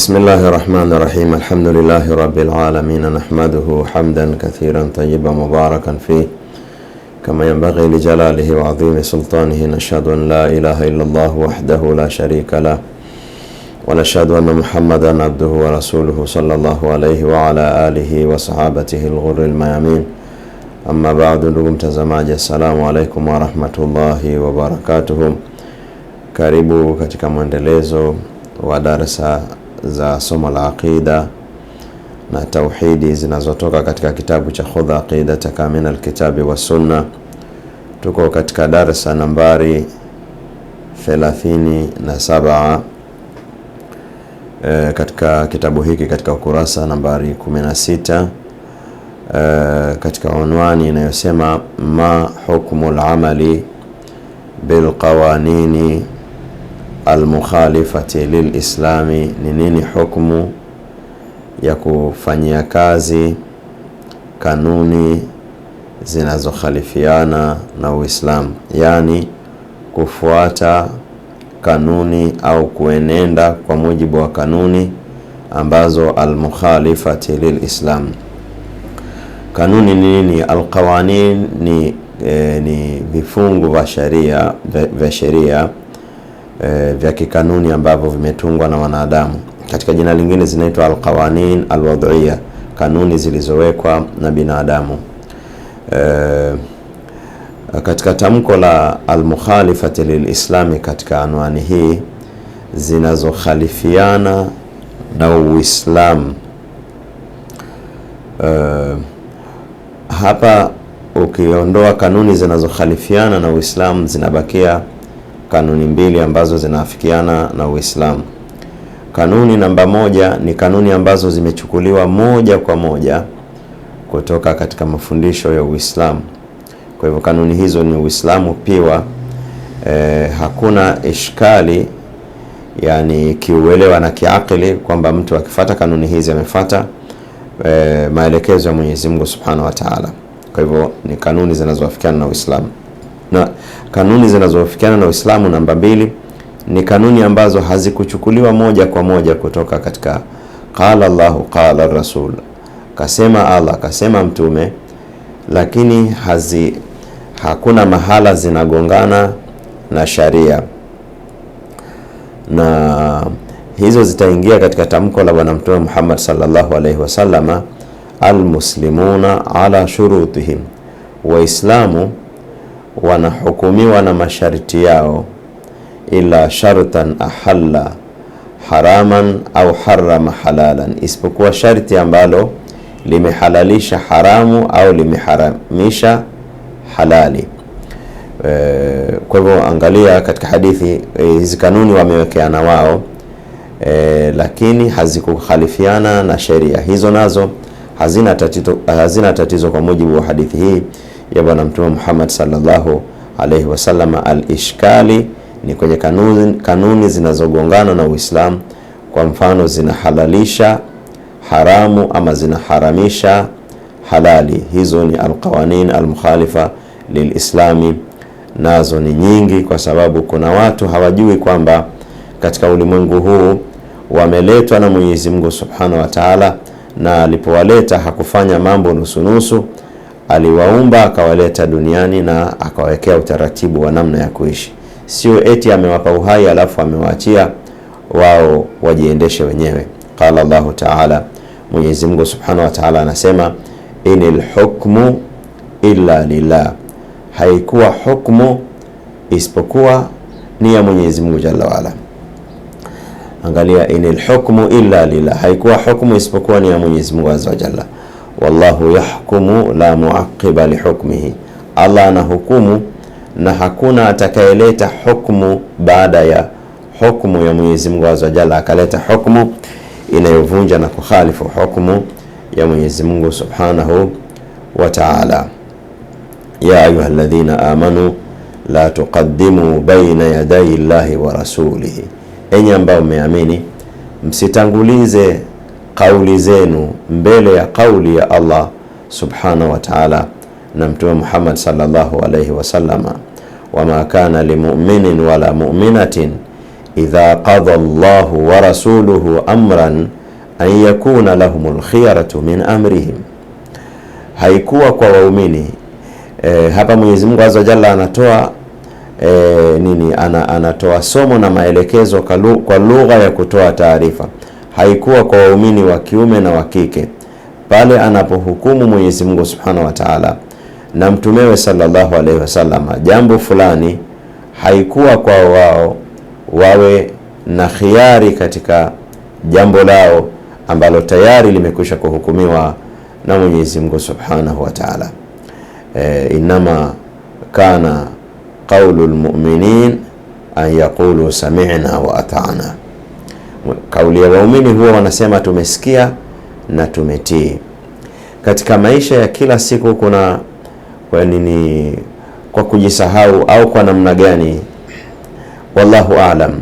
بسم الله الرحمن الرحيم الحمد لله رب العالمين نحمده حمدا كثيرا طيبا مباركا فيه كما ينبغي لجلاله وعظيم سلطانه نشهد ان لا اله الا الله وحده لا شريك له ونشهد ان محمدا عبده ورسوله صلى الله عليه وعلى اله وصحابته الغر الميامين اما بعد ndugu mtazamaji عليكم ورحمه الله wabarakatuhu karibu katika كاتيكا wa darsa za somo la aqida na tauhidi zinazotoka katika kitabu cha Khudha Aqidataka min alkitabi wassunna. Tuko katika darsa nambari 37 e, eh, katika kitabu hiki katika ukurasa nambari 16 e, eh, katika unwani inayosema ma hukmu lamali bilqawanini almukhalifati lilislami, ni nini hukumu ya kufanyia kazi kanuni zinazokhalifiana na Uislamu, yaani kufuata kanuni au kuenenda kwa mujibu wa kanuni ambazo almukhalifati lilislam. Kanuni ni nini? Alqawanin ni, eh, ni vifungu vya sheria e, vya kikanuni ambavyo vimetungwa na wanadamu. Katika jina lingine zinaitwa alqawanin alwadhiya, kanuni zilizowekwa na binadamu. E, katika tamko la almukhalifati lilislami katika anwani hii zinazokhalifiana na Uislamu. Uh, hapa ukiondoa kanuni zinazokhalifiana na Uislamu zinabakia kanuni mbili ambazo zinaafikiana na Uislamu. Kanuni namba moja ni kanuni ambazo zimechukuliwa moja kwa moja kutoka katika mafundisho ya Uislamu. Kwa hivyo kanuni hizo ni Uislamu piwa. E, hakuna ishkali yani kiuelewa na kiakili kwamba mtu akifata kanuni hizi amefata e, maelekezo ya Mwenyezi Mungu Subhanahu wa Ta'ala. Kwa hivyo ni kanuni zinazoafikiana na Uislamu na kanuni zinazofikiana na Uislamu. Namba mbili ni kanuni ambazo hazikuchukuliwa moja kwa moja kutoka katika qala Allahu qala rasul, kasema Allah kasema Mtume, lakini hazi hakuna mahala zinagongana na sharia na hizo zitaingia katika tamko la Bwana Mtume Muhammad sallallahu alaihi wasallama, almuslimuna ala shurutihim, Waislamu wanahukumiwa na masharti yao, ila shartan ahalla haraman au harama halalan, isipokuwa sharti ambalo limehalalisha haramu au limeharamisha halali. E, kwa hivyo angalia katika hadithi e, hizi e, kanuni wamewekeana wao e, lakini hazikukhalifiana na sheria hizo, nazo hazina tatizo, hazina tatizo kwa mujibu wa hadithi hii ya Bwana Mtume Muhammad sallallahu alaihi wasallam. Al-ishkali ni kwenye kanuni, kanuni zinazogongana na Uislamu, kwa mfano zinahalalisha haramu ama zinaharamisha halali. Hizo ni alqawanin almukhalifa lilislami, nazo ni nyingi, kwa sababu kuna watu hawajui kwamba katika ulimwengu huu wameletwa na Mwenyezi Mungu subhanahu wa taala, na alipowaleta hakufanya mambo nusunusu aliwaumba akawaleta duniani na akawawekea utaratibu wa namna ya kuishi, sio eti amewapa uhai alafu amewaachia wao wajiendeshe wenyewe. Qala Allahu taala, Mwenyezi Mungu subhanahu wa taala anasema inil hukmu illa lillah, haikuwa hukmu isipokuwa ni ya Mwenyezi Mungu jalla waala. Angalia, inil hukmu illa lillah, haikuwa hukmu isipokuwa ni ya Mwenyezi Mungu azza wa jalla wallahu yahkumu la muaqiba lihukmihi, Allah anahukumu na hakuna atakayeleta hukmu baada ya hukmu ya Mwenyezi Mungu azza wa jalla, akaleta hukmu inayovunja na kukhalifu hukmu ya Mwenyezi Mungu subhanahu wa ta'ala. Ya ayuha alladhina amanu la tuqaddimu baina yaday llahi wa rasulihi, enyi ambao mmeamini msitangulize kauli zenu mbele ya kauli ya Allah subhanahu wa ta'ala na Mtume Muhammad sallallahu alayhi wasallama, wama kana limuminin wala muminatin idha qada Allahu wa rasuluhu amran an yakuna lahum khiyaratu min amrihim, haikuwa kwa waumini e. Hapa Mwenyezi Mungu azza jalla anatoa e, nini ana, anatoa somo na maelekezo kwa lugha ya kutoa taarifa haikuwa kwa waumini wa kiume na wa kike pale anapohukumu Mwenyezi Mungu Subhanahu wa Ta'ala na mtumewe sallallahu alaihi wasallam jambo fulani, haikuwa kwa wao wawe na khiari katika jambo lao ambalo tayari limekwisha kuhukumiwa na Mwenyezi Mungu Subhanahu wa Ta'ala. E, inama kana qaulul mu'minin an yaqulu sami'na wa ata'na. Kauli ya waumini huwa wanasema tumesikia na tumetii. Katika maisha ya kila siku kuna kwa nini, kwa kujisahau au kwa namna gani? Wallahu aalam.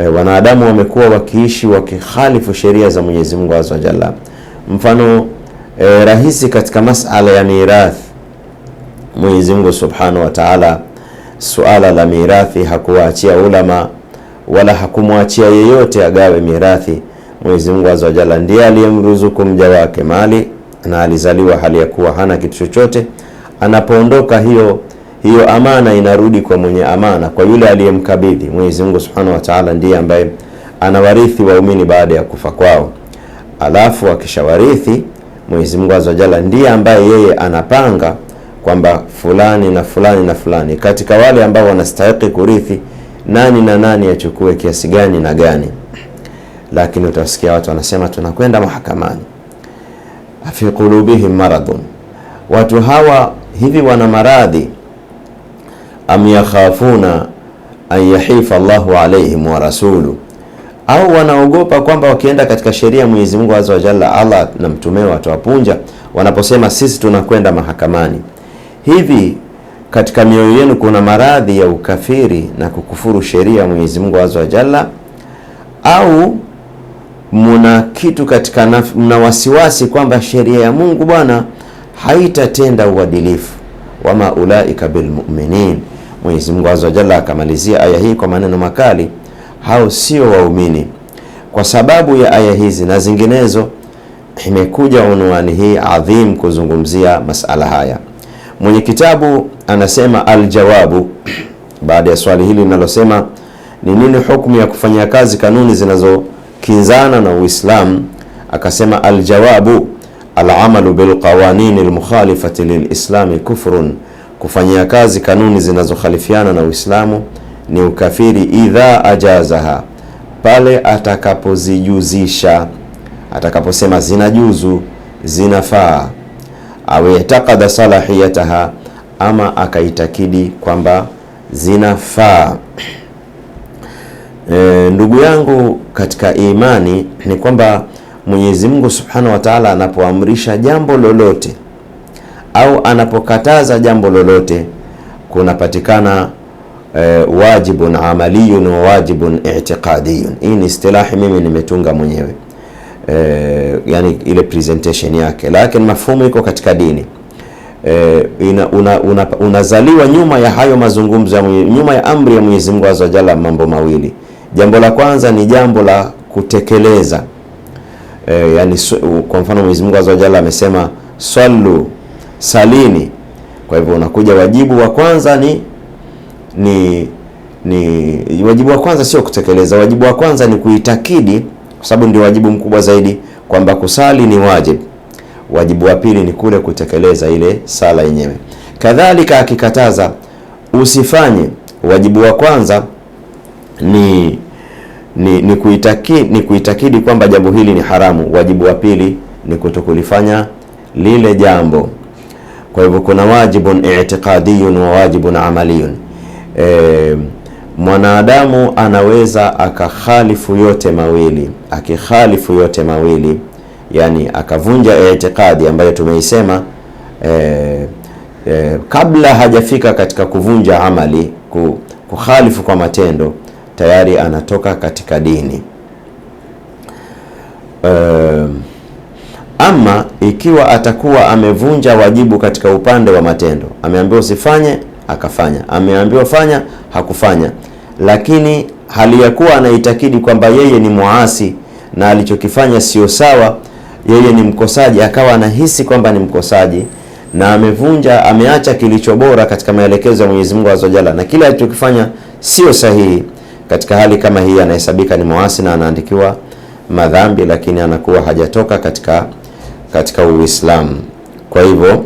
E, wanadamu wamekuwa wakiishi wakihalifu sheria za Mwenyezi Mungu azza jalla. Mfano e, rahisi katika masala ya mirath, Mwenyezi Mungu subhanahu wa taala suala la mirathi hakuwaachia ulama wala hakumwachia yeyote agawe mirathi. Mwenyezi Mungu azza wa ndiye aliyemruzuku mja wake mali, na alizaliwa hali ya kuwa hana kitu chochote. Anapoondoka hiyo hiyo amana inarudi kwa mwenye amana, kwa yule aliyemkabidhi. Mwenyezi Mungu Subhanahu wa Ta'ala ndiye ambaye anawarithi waumini baada ya kufa kwao. Alafu akishawarithi, Mwenyezi Mungu azza wa ndiye ambaye yeye anapanga kwamba fulani na fulani na fulani katika wale ambao wanastahili kurithi nani na nani achukue kiasi gani na gani, lakini utawasikia watu wanasema tunakwenda mahakamani. Fi qulubihim maradhun, watu hawa hivi wana maradhi. Am yakhafuna an yahifa Allahu alaihim wa rasulu, au wanaogopa kwamba wakienda katika sheria Mwenyezi Mungu azza wa jalla, Allah na mtume watawapunja wanaposema sisi tunakwenda mahakamani hivi katika mioyo yenu kuna maradhi ya ukafiri na kukufuru sheria ya Mwenyezi Mungu azza wa jalla, au muna kitu katika, mna wasiwasi kwamba sheria ya Mungu bwana haitatenda uadilifu. Wama ulaika bilmuminin. Mwenyezi Mungu azza wa jalla akamalizia aya hii kwa maneno makali, hao sio waumini. Kwa sababu ya aya hizi na zinginezo, imekuja unwani hii adhim kuzungumzia masala haya. Mwenye kitabu anasema aljawabu, baada ya swali hili linalosema ni nini hukumu ya kufanyia kazi kanuni zinazokinzana na Uislamu, akasema aljawabu alamalu bilqawanini almukhalifati lilislami kufrun, kufanyia kazi kanuni zinazokhalifiana na Uislamu ni ukafiri, idha ajazaha, pale atakapozijuzisha, atakaposema zinajuzu, zinafaa au i'taqada salahiyataha, ama akaitakidi kwamba zinafaa. E, ndugu yangu katika imani ni kwamba Mwenyezi Mungu Subhanahu wa Ta'ala anapoamrisha jambo lolote au anapokataza jambo lolote kunapatikana e, wajibun amaliyun wa wajibun i'tiqadiyun. Hii ni istilahi mimi nimetunga mwenyewe eh, yani ile presentation yake, lakini mafumo iko katika dini eh, unazaliwa una, una nyuma ya hayo mazungumzo nyuma ya amri ya Mwenyezi Mungu Azza Jalla, mambo mawili. Jambo la kwanza ni jambo la kutekeleza eh, yani, kwa mfano Mwenyezi Mungu Azza Jalla amesema sallu salini. Kwa hivyo unakuja wajibu wa kwanza ni ni ni wajibu wa kwanza sio kutekeleza, wajibu wa kwanza ni kuitakidi kwa sababu ndio wajibu mkubwa zaidi, kwamba kusali ni wajib. Wajibu wa pili ni kule kutekeleza ile sala yenyewe. Kadhalika akikataza usifanye, wajibu wa kwanza ni ni, ni, kuitaki, ni kuitakidi kwamba jambo hili ni haramu. Wajibu wa pili ni kutokulifanya lile jambo. Kwa hivyo kuna wajibun i'tiqadiyun wa wajibun amaliyun e, mwanadamu anaweza akakhalifu yote mawili. Akikhalifu yote mawili, yani akavunja itikadi ambayo tumeisema e, e, kabla hajafika katika kuvunja amali, kukhalifu kwa matendo tayari anatoka katika dini. E, ama ikiwa atakuwa amevunja wajibu katika upande wa matendo, ameambiwa usifanye akafanya, ameambiwa fanya hakufanya, lakini hali ya kuwa anaitakidi kwamba yeye ni muasi na alichokifanya sio sawa, yeye ni mkosaji, akawa anahisi kwamba ni mkosaji na amevunja, ameacha kilicho bora katika maelekezo ya Mwenyezi Mungu azza jalla, na kile alichokifanya sio sahihi. Katika hali kama hii, anahesabika ni muasi na anaandikiwa madhambi, lakini anakuwa hajatoka katika katika Uislamu. Kwa hivyo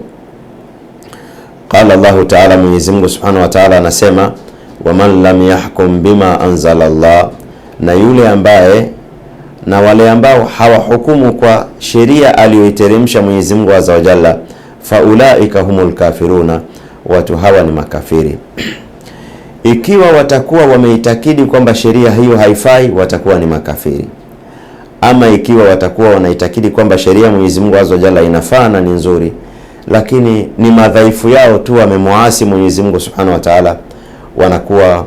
Qala llahu taala, Mwenyezi Mungu subhanahu wa taala anasema, waman lam yahkum bima anzala Allah, na yule ambaye na wale ambao hawahukumu kwa sheria aliyoiteremsha Mwenyezi Mungu azza wa jalla, faulaika humul kafiruna, watu hawa ni makafiri. Ikiwa watakuwa wameitakidi kwamba sheria hiyo haifai, watakuwa ni makafiri. Ama ikiwa watakuwa wanaitakidi kwamba sheria Mwenyezi Mungu azza wa jalla inafaa na ni nzuri lakini ni madhaifu yao tu, wamemwasi Mwenyezi Mungu Subhanahu wa Ta'ala, wanakuwa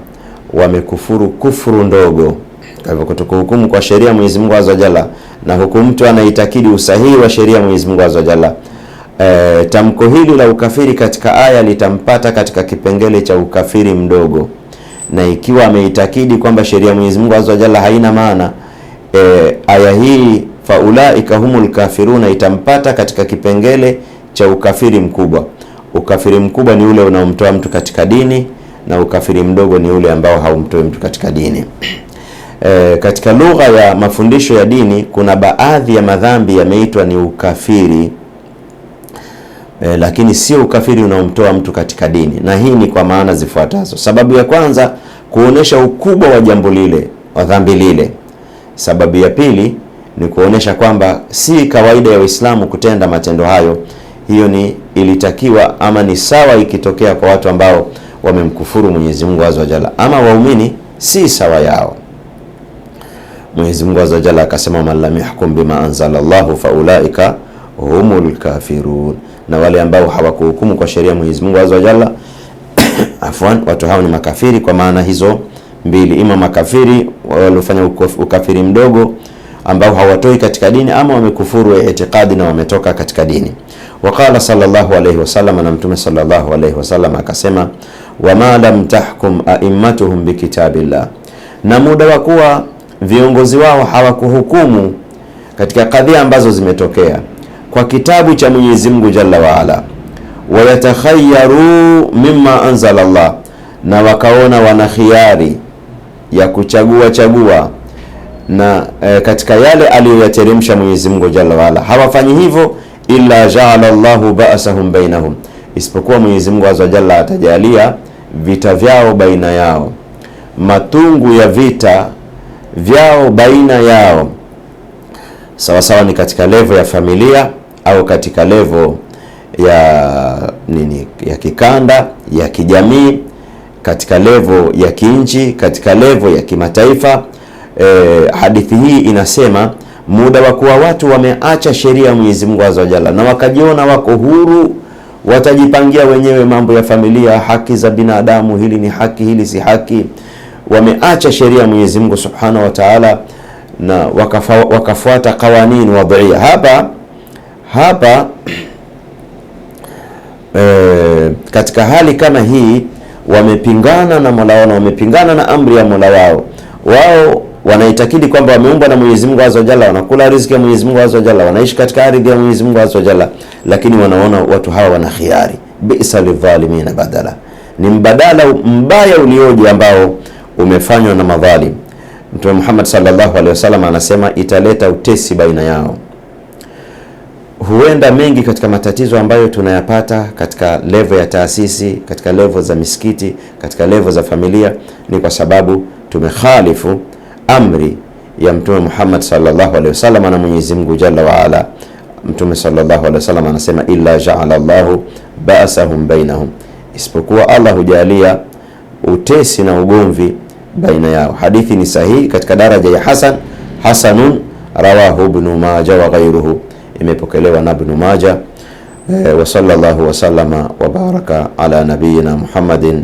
wamekufuru kufuru ndogo. Kwa hivyo kutokuhukumu kwa sheria Mwenyezi Mungu Azza Jalla, na huku mtu anaitakidi usahihi wa sheria Mwenyezi Mungu Azza Jalla. E, tamko hili la ukafiri katika aya litampata katika kipengele cha ukafiri mdogo, na ikiwa ameitakidi kwamba sheria Mwenyezi Mungu Azza Jalla haina maana e, aya hii faulaika humul kafiruna itampata katika kipengele cha ukafiri mkubwa. Ukafiri mkubwa ni ule unaomtoa mtu katika dini na ukafiri mdogo ni ule ambao haumtoi mtu katika dini. E, katika lugha ya mafundisho ya dini kuna baadhi ya madhambi yameitwa ni ukafiri e, lakini sio ukafiri unaomtoa mtu katika dini, na hii ni kwa maana zifuatazo. Sababu ya kwanza, kuonesha ukubwa wa jambo lile, wa dhambi lile. Sababu ya pili ni kuonesha kwamba si kawaida ya Uislamu kutenda matendo hayo, hiyo ni ilitakiwa ama ni sawa ikitokea kwa watu ambao wamemkufuru Mwenyezi Mungu azza wajalla, ama waumini si sawa yao. Mwenyezi Mungu azza wajalla akasema, man lam yahkum bima anzala Allahu fa ulaika humul kafirun, na wale ambao hawakuhukumu kwa sheria Mwenyezi Mungu azza wajalla afwan, watu hao ni makafiri kwa maana hizo mbili, ima makafiri waliofanya ukafiri mdogo ambao hawatoi katika dini, ama wamekufuru itikadi na wametoka katika dini. Waqala sallallahu alayhi wasallam, na Mtume sallallahu alayhi wasallam akasema, wama lam tahkum aimmatuhum bikitabillah, na muda wa kuwa viongozi wao hawakuhukumu katika kadhia ambazo zimetokea kwa kitabu cha Mwenyezi Mungu jalla waala, wayatakhayaru mimma anzala Allah, na wakaona wana khiari ya kuchagua chagua na e, katika yale aliyoyateremsha Mwenyezi Mungu jalla waala, hawafanyi hivyo illa jaala llahu ba'sahum bainahum, isipokuwa Mwenyezi Mungu azza jalla atajalia vita vyao baina yao, matungu ya vita vyao baina yao, sawasawa ni katika levo ya familia au katika levo ya nini, ya kikanda, ya kijamii, katika levo ya kinchi, katika levo ya kimataifa. E, hadithi hii inasema muda wa kuwa watu wameacha sheria ya Mwenyezi Mungu azza wajalla na wakajiona wako huru, watajipangia wenyewe mambo ya familia, haki za binadamu, hili ni haki, hili si haki. Wameacha sheria ya Mwenyezi Mungu subhanahu wa taala na wakafa, wakafuata kawanini wadhiia hapa hapa e, katika hali kama hii wamepingana na Mola wao, wamepingana na amri ya Mola wao wao wanaitakidi kwamba wameumbwa na Mwenyezi Mungu Azza Jalla, wanakula riziki ya Mwenyezi Mungu Azza Jalla, wanaishi katika ardhi ya Mwenyezi Mungu Azza Jalla, lakini wanaona watu hawa wana khiari. Bisa lidhalimina badala, ni mbadala mbaya ulioje ambao umefanywa na madhalim. Mtume Muhammad sallallahu alaihi wasallam anasema italeta utesi baina yao. Huenda mengi katika matatizo ambayo tunayapata katika levo ya taasisi, katika levo za misikiti, katika levo za familia ni kwa sababu tumekhalifu amri ya Mtume Muhammad sallallahu alaihi wasallam na Mwenyezi Mungu jalla waala. Mtume sallallahu alaihi wasallam anasema illa jaala llahu ba'sahum bainahum, isipokuwa Allah hujalia utesi na ugomvi baina yao. Hadithi ni sahihi katika daraja ya hasan, hasanun rawahu Ibnu Maja wa ghairuhu, imepokelewa na Ibnu Maja. E, eh, wa sallallahu sallama wa baraka ala nabiyina Muhammadin